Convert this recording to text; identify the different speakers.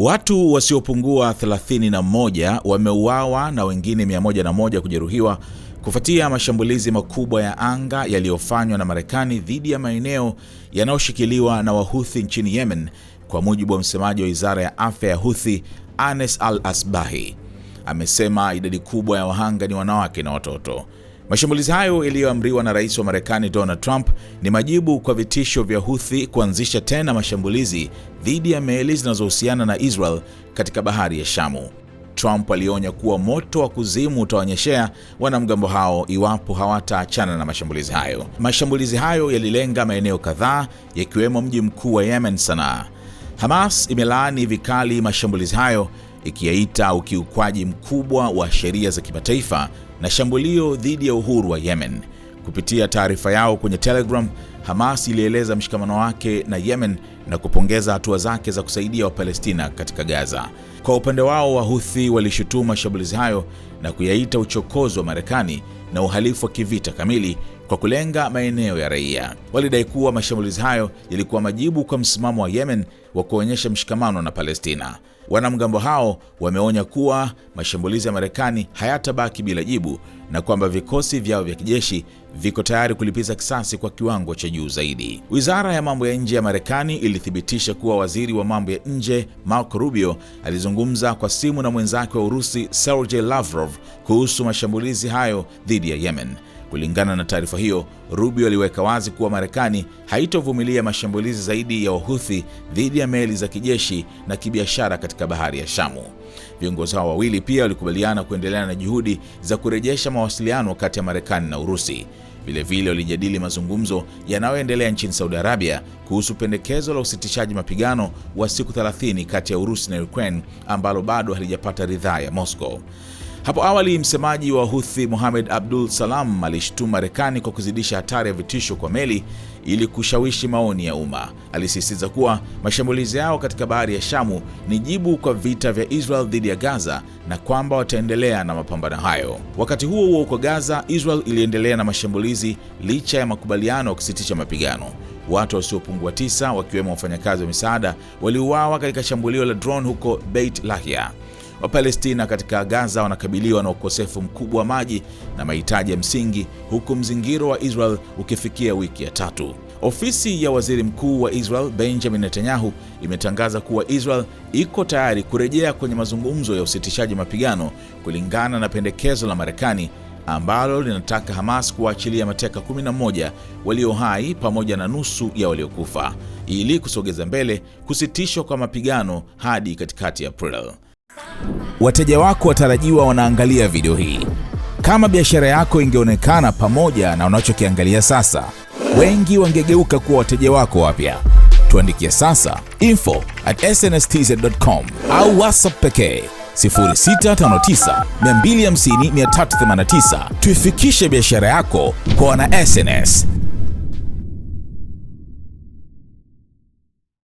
Speaker 1: Watu wasiopungua 31 wameuawa na wengine 101 kujeruhiwa kufuatia mashambulizi makubwa ya anga yaliyofanywa na Marekani dhidi ya maeneo yanayoshikiliwa na Wahuthi nchini Yemen, kwa mujibu wa msemaji wa Wizara ya Afya ya Huthi, Anes Al Asbahi. Amesema idadi kubwa ya wahanga ni wanawake na watoto. Mashambulizi hayo yaliyoamriwa na rais wa Marekani Donald Trump ni majibu kwa vitisho vya Houthi kuanzisha tena mashambulizi dhidi ya meli zinazohusiana na Israel katika bahari ya Shamu. Trump alionya kuwa moto wa kuzimu utawanyeshea wanamgambo hao iwapo hawataachana na mashambulizi hayo. Mashambulizi hayo yalilenga maeneo kadhaa yakiwemo mji mkuu wa Yemen, Sanaa. Hamas imelaani vikali mashambulizi hayo ikiyaita ukiukwaji mkubwa wa sheria za kimataifa na shambulio dhidi ya uhuru wa Yemen. Kupitia taarifa yao kwenye Telegram, Hamas ilieleza mshikamano wake na Yemen na kupongeza hatua zake za kusaidia Wapalestina katika Gaza. Kwa upande wao, Wahuthi walishutumu mashambulizi hayo na kuyaita uchokozi wa Marekani na uhalifu wa kivita kamili kwa kulenga maeneo ya raia. Walidai kuwa mashambulizi hayo yalikuwa majibu kwa msimamo wa Yemen wa kuonyesha mshikamano na Palestina. Wanamgambo hao wameonya kuwa mashambulizi ya Marekani hayatabaki bila jibu na kwamba vikosi vyao vya kijeshi viko tayari kulipiza kisasi kwa kiwango cha juu zaidi. Wizara ya mambo ya nje ya Marekani ilithibitisha kuwa waziri wa mambo ya nje Marco Rubio alizungumza kwa simu na mwenzake wa Urusi Sergey Lavrov kuhusu mashambulizi hayo dhidi ya Yemen. Kulingana na taarifa hiyo, Rubio aliweka wazi kuwa Marekani haitovumilia mashambulizi zaidi ya Wahuthi dhidi ya meli za kijeshi na kibiashara katika bahari ya Shamu. Viongozi hao wawili pia walikubaliana kuendelea na juhudi za kurejesha mawasiliano kati ya Marekani na Urusi. Vilevile walijadili mazungumzo yanayoendelea nchini Saudi Arabia kuhusu pendekezo la usitishaji mapigano wa siku 30 kati ya Urusi na Ukraine ambalo bado halijapata ridhaa ya Moscow. Hapo awali msemaji wa Houthi Mohamed Abdul Salam alishtumu Marekani kwa kuzidisha hatari ya vitisho kwa meli ili kushawishi maoni ya umma. Alisisitiza kuwa mashambulizi yao katika bahari ya Shamu ni jibu kwa vita vya Israel dhidi ya Gaza na kwamba wataendelea na mapambano hayo. Wakati huo huo, huko Gaza, Israel iliendelea na mashambulizi licha ya makubaliano ya kusitisha mapigano. Watu wasiopungua tisa wakiwemo wafanyakazi wa misaada waliuawa katika shambulio la drone huko Beit Lahia. Wapalestina katika Gaza wanakabiliwa na ukosefu mkubwa wa maji na mahitaji ya msingi, huku mzingiro wa Israel ukifikia wiki ya tatu. Ofisi ya waziri mkuu wa Israel Benjamin Netanyahu imetangaza kuwa Israel iko tayari kurejea kwenye mazungumzo ya usitishaji mapigano kulingana na pendekezo la Marekani ambalo linataka Hamas kuwaachilia mateka 11 walio hai pamoja na nusu ya waliokufa ili kusogeza mbele kusitishwa kwa mapigano hadi katikati ya April.
Speaker 2: Wateja wako watarajiwa wanaangalia video hii. Kama biashara yako ingeonekana pamoja na unachokiangalia sasa, wengi wangegeuka kuwa wateja wako wapya. Tuandikie sasa info at snstz.com au WhatsApp pekee 0659 250 389. Tuifikishe biashara yako kwa wana SNS.